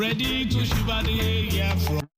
ready to shiver the air from.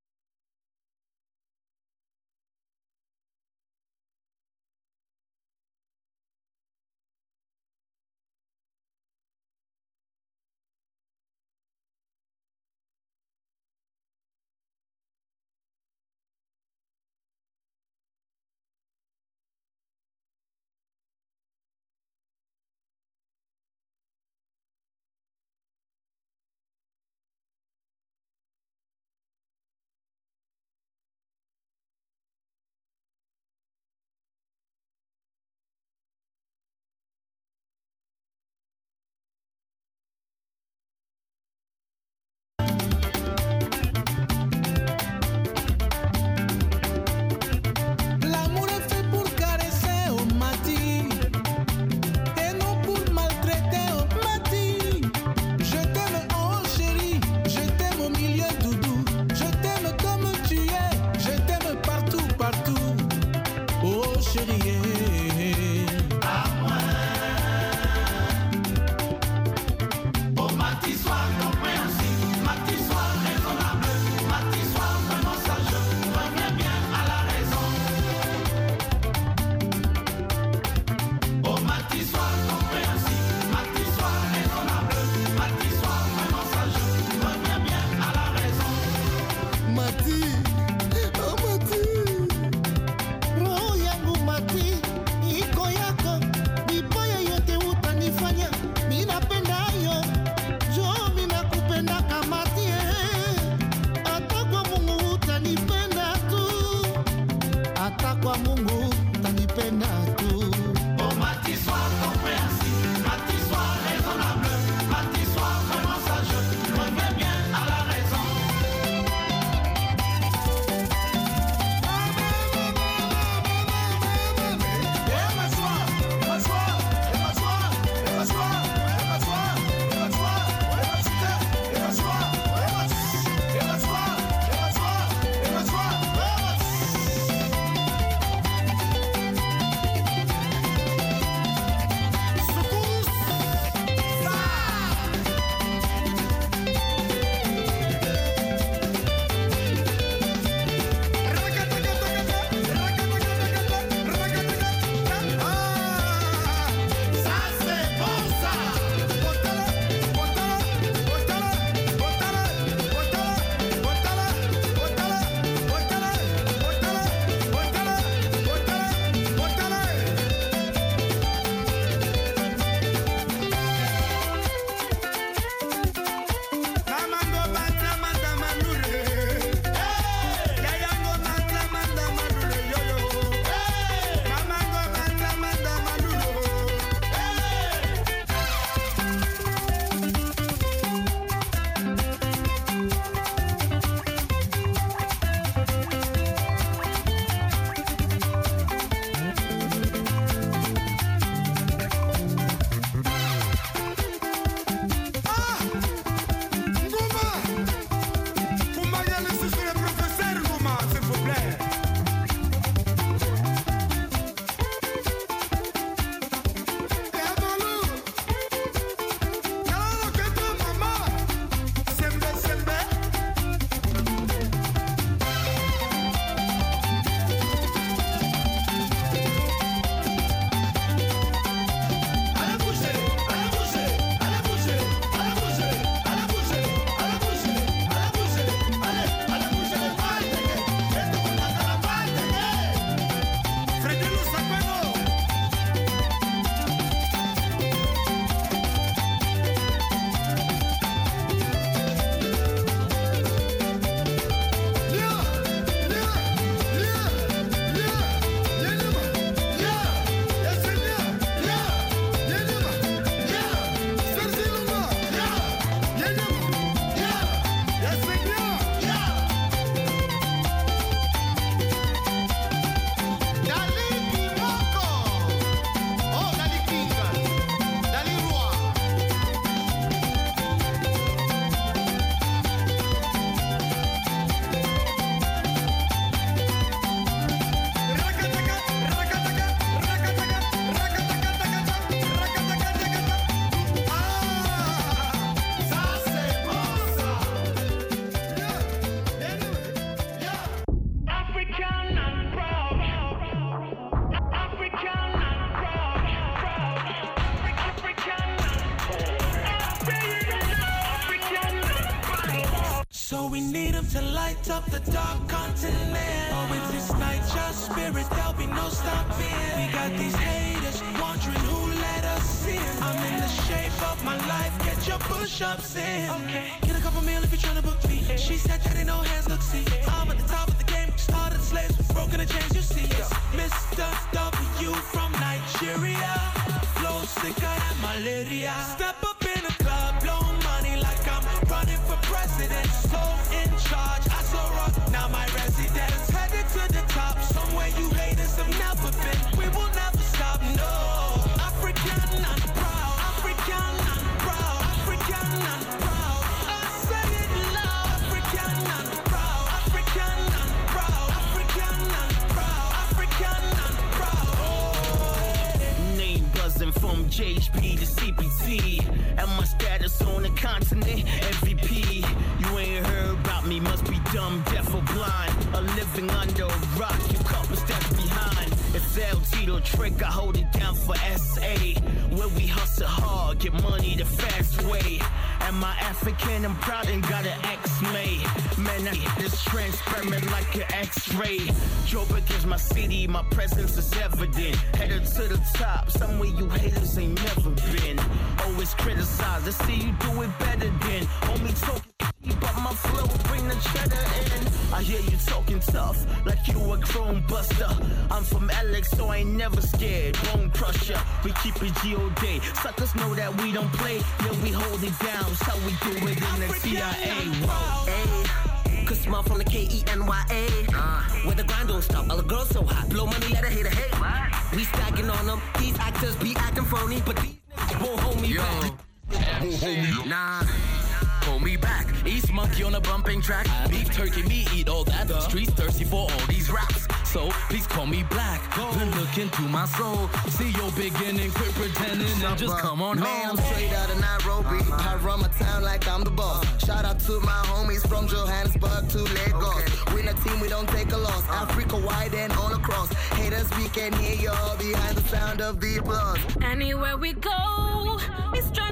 think I have malaria. Step up in the club, blow money like I'm running for president. So in charge, I saw rock, now my residence. Headed to the top, somewhere you haters have never been. We will never stop, no. JHP to CPT. And my status on the continent, MVP. You ain't heard about me, must be dumb, deaf, or blind. A living under a rock, you couple steps behind. It's El to Trick, I hold it down for SA. Where we hustle hard, get money the fast way. Am I African? I'm proud and got an X May planet. It's transparent like an x-ray. Joburg is my city, my presence is evident. Headed to the top, somewhere you haters ain't never been. Always criticized, I see you do it better than. Only talk, but my flow bring the cheddar in. I hear you talking tough, like you a chrome buster. I'm from Alex, so I ain't never scared. Bone crusher, we keep it G.O.D. Suckers know that we don't play, then we hold it down. So we do it in the CIA. Whoa, hey. Could Small from the K-E-N-Y-A. Uh. Where the grind don't stop, all the girls so hot. Blow money, let her hate hate. What? We stacking on them. These actors be acting phony, but these niggas won't hold me Yo. back. Won't hold me Nah. Pull me back, East monkey on a bumping track. Beef turkey, me eat all that. The streets thirsty for all these raps. So please call me black. Go. Then look into my soul. See your beginning, quit pretending, and just come on Man, I'm straight out of Nairobi. I run my town like I'm the boss. Shout out to my from Johannesburg to Lagos. Okay. Win a team, we don't take a loss. Uh. Africa wide and all across. Haters, we can hear y'all behind the sound of the applause. Anywhere we go, we strong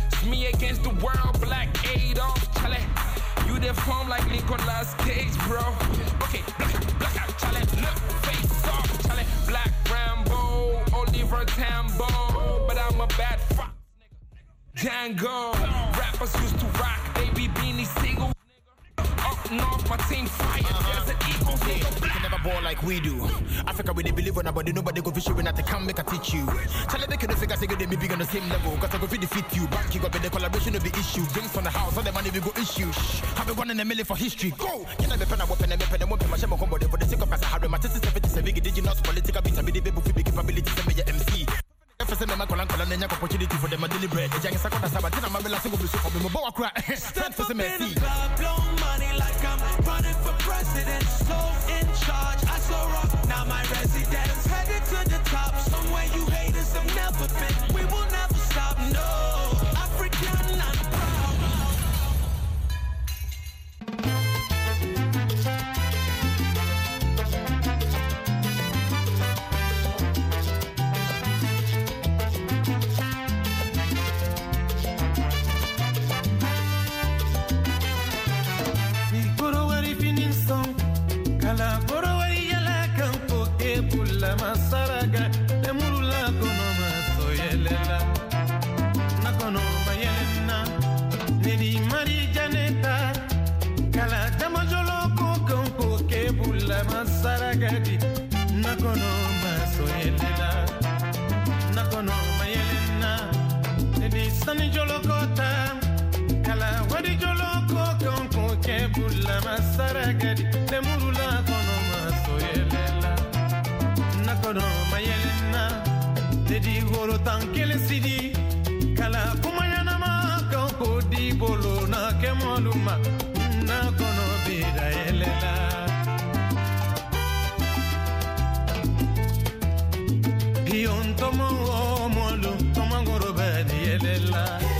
against the world, black Adolf, chale. You deform like Nicolas Cage, bro. Okay, black, black out, chale. Look, face off, chale. Black Rambo, Oliver Tambo. But I'm a bad fuck, Django. Rappers used to rock, baby beanie single. Up north, my team fire. There's an eagle here ball like we do. Africa, we they believe on nobody, nobody go fish when I can make a teach you. Charlie, they can't figure, say they be big on the same level. Cause I go feed defeat you. Back you up in the collaboration of be issue. Drinks on the house, all the money we go issue. Shh, have been one in a million for history. Go! Can I be pen, I weapon, and pen, and weapon, my shame, my combo, for the sake of us, I have my 77, 77, did you not political beats, I be the baby, capabilities, I be your MC fese me ma for a deliberate. Eja ngisa kota mabela bisu eh, for me kra. me. money like I'm running for president. So in charge, I now my residence. Headed to the top, somewhere you haters have never been. Sunny Joloko. love.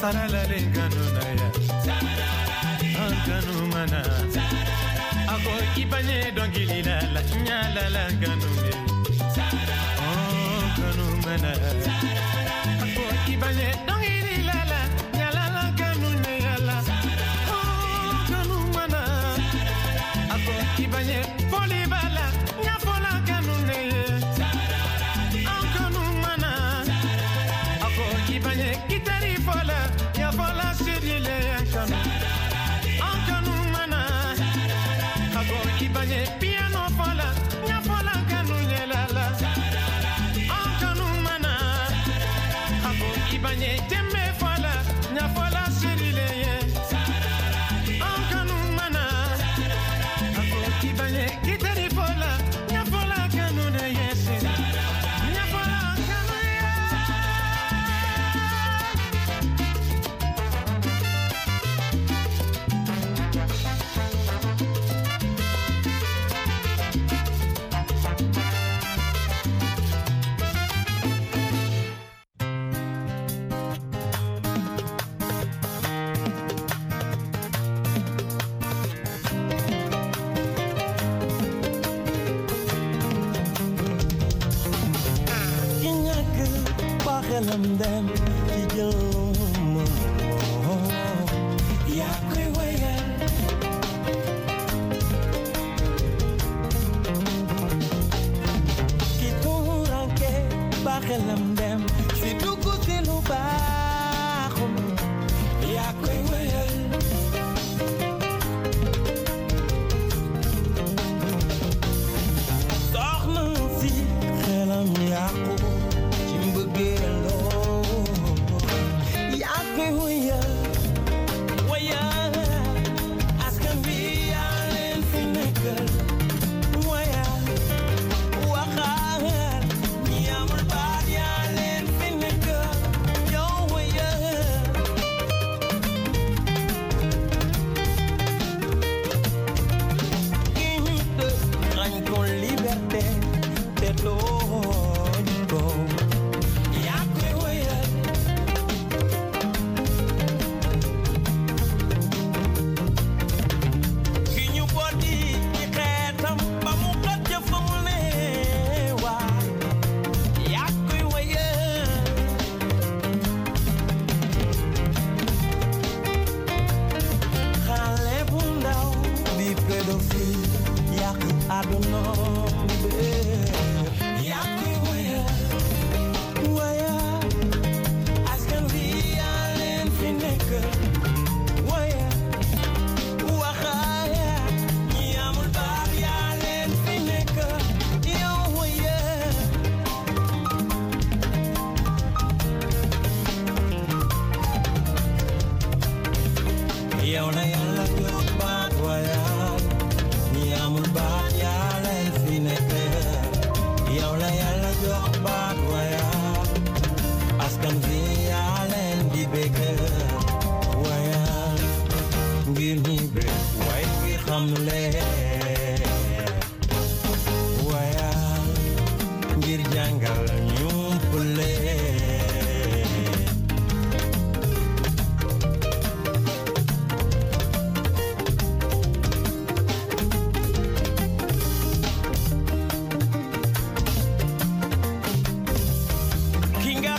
saralale ngano na ya ngano mana akoki panye dongilila la nyalala ngano them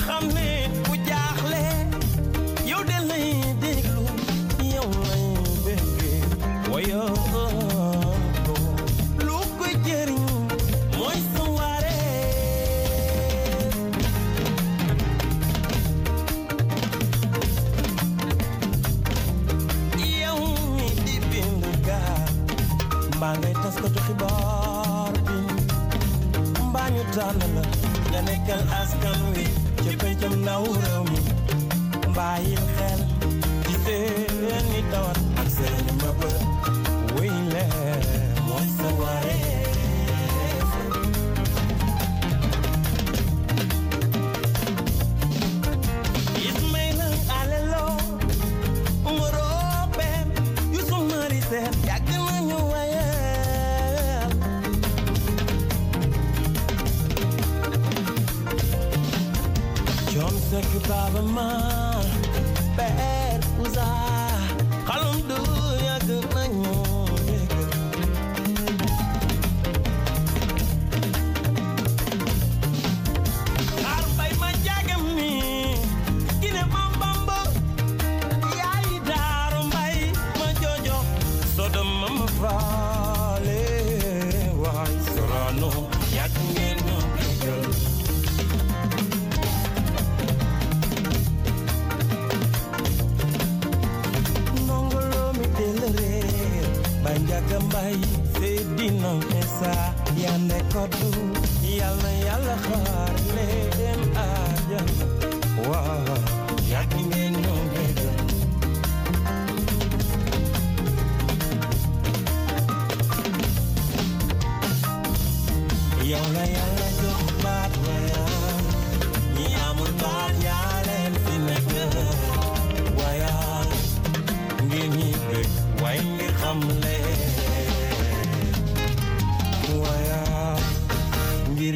Muhammad. nekk baaba ma per usa xalum du sa yande ko du yalla yalla le dem aljana wa yàgg ngeen ñoo bëgg yow la yàlla baat wa yaam ñi amul baat yaa leen fi wa yaam ngeen ñi bëgg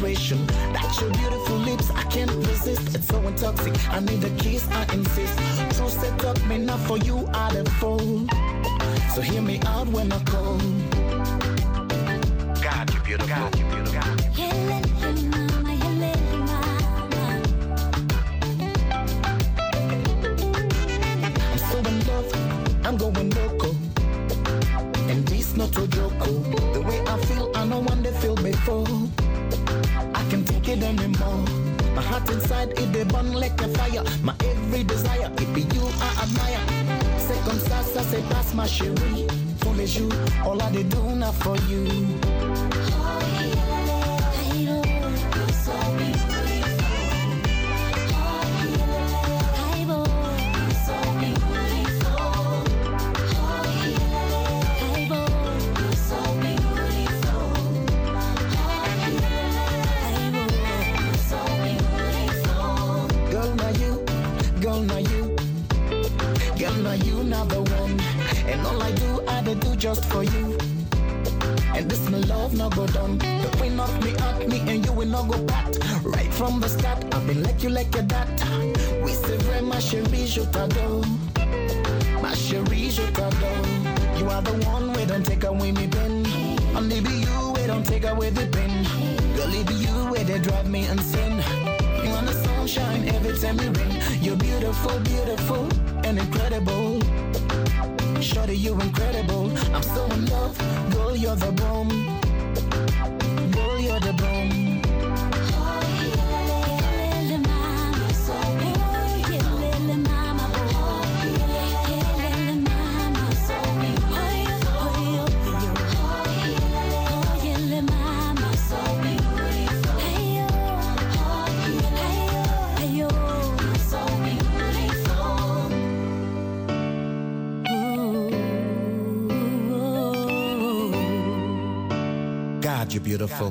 secretion. That's your beautiful lips, I can't resist. It's so intoxicating. I need a kiss, I insist. True set up me not for you, I let fool. So hear me out when I call. God, you beautiful. God, you beautiful. God, you beautiful. I'm so in love, I'm going loco. And this not a joke. Oh. The way I feel, I know one they feel before heart inside, it they burn like a fire. My every desire, it be you I admire. C'est comme ça, ça se passe, ma you, all I do now for you. Oh, yeah. And all I do, I dey do just for you. And this my love no go done. The queen of me at me and you will not go pat. Right from the start, I've been like you like your dad. We say vrai ma chérie, je t'adore. Ma chérie, je t'adore. You are the one we don't take away me pen. Only be you we don't take away the pen. Girl, it be you where they drive me insane. You want the sunshine every time you rain. You're beautiful, beautiful, and incredible. Shorty, you are incredible. I'm so in love, girl, you're the bomb. beautiful.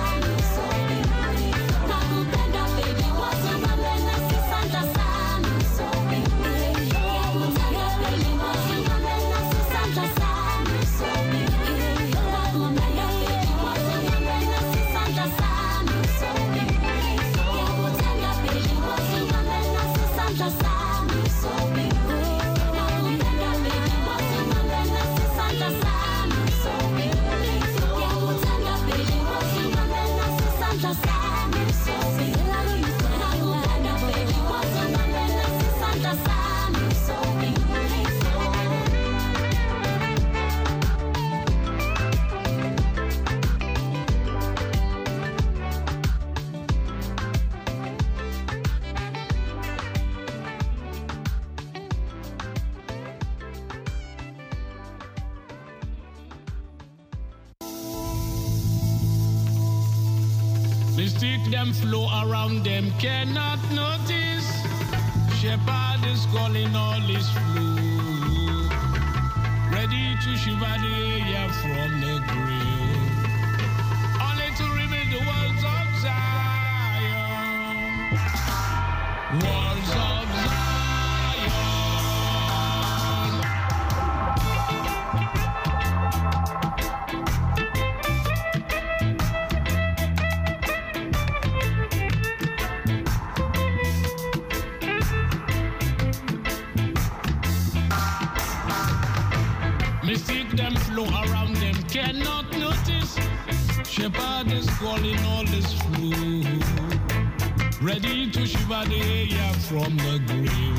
cannot yeah, from the green.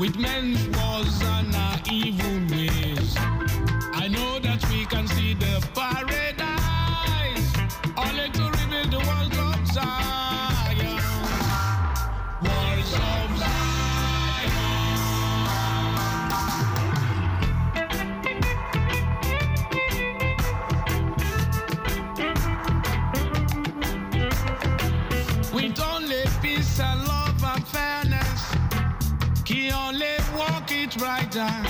with men's was an evil done.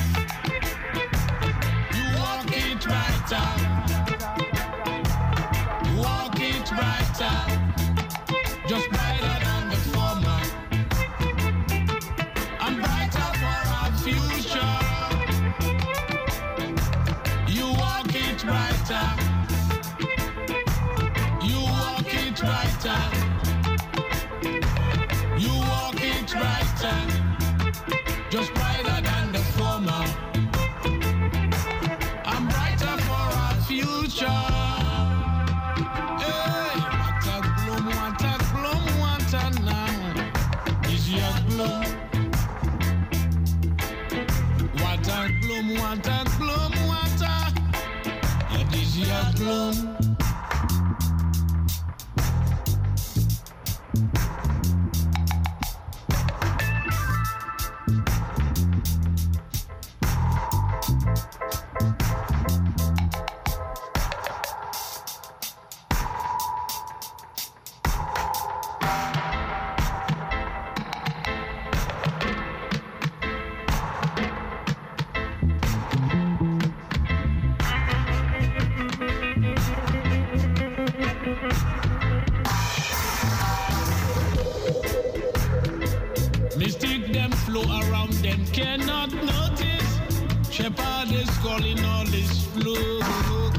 right time. to.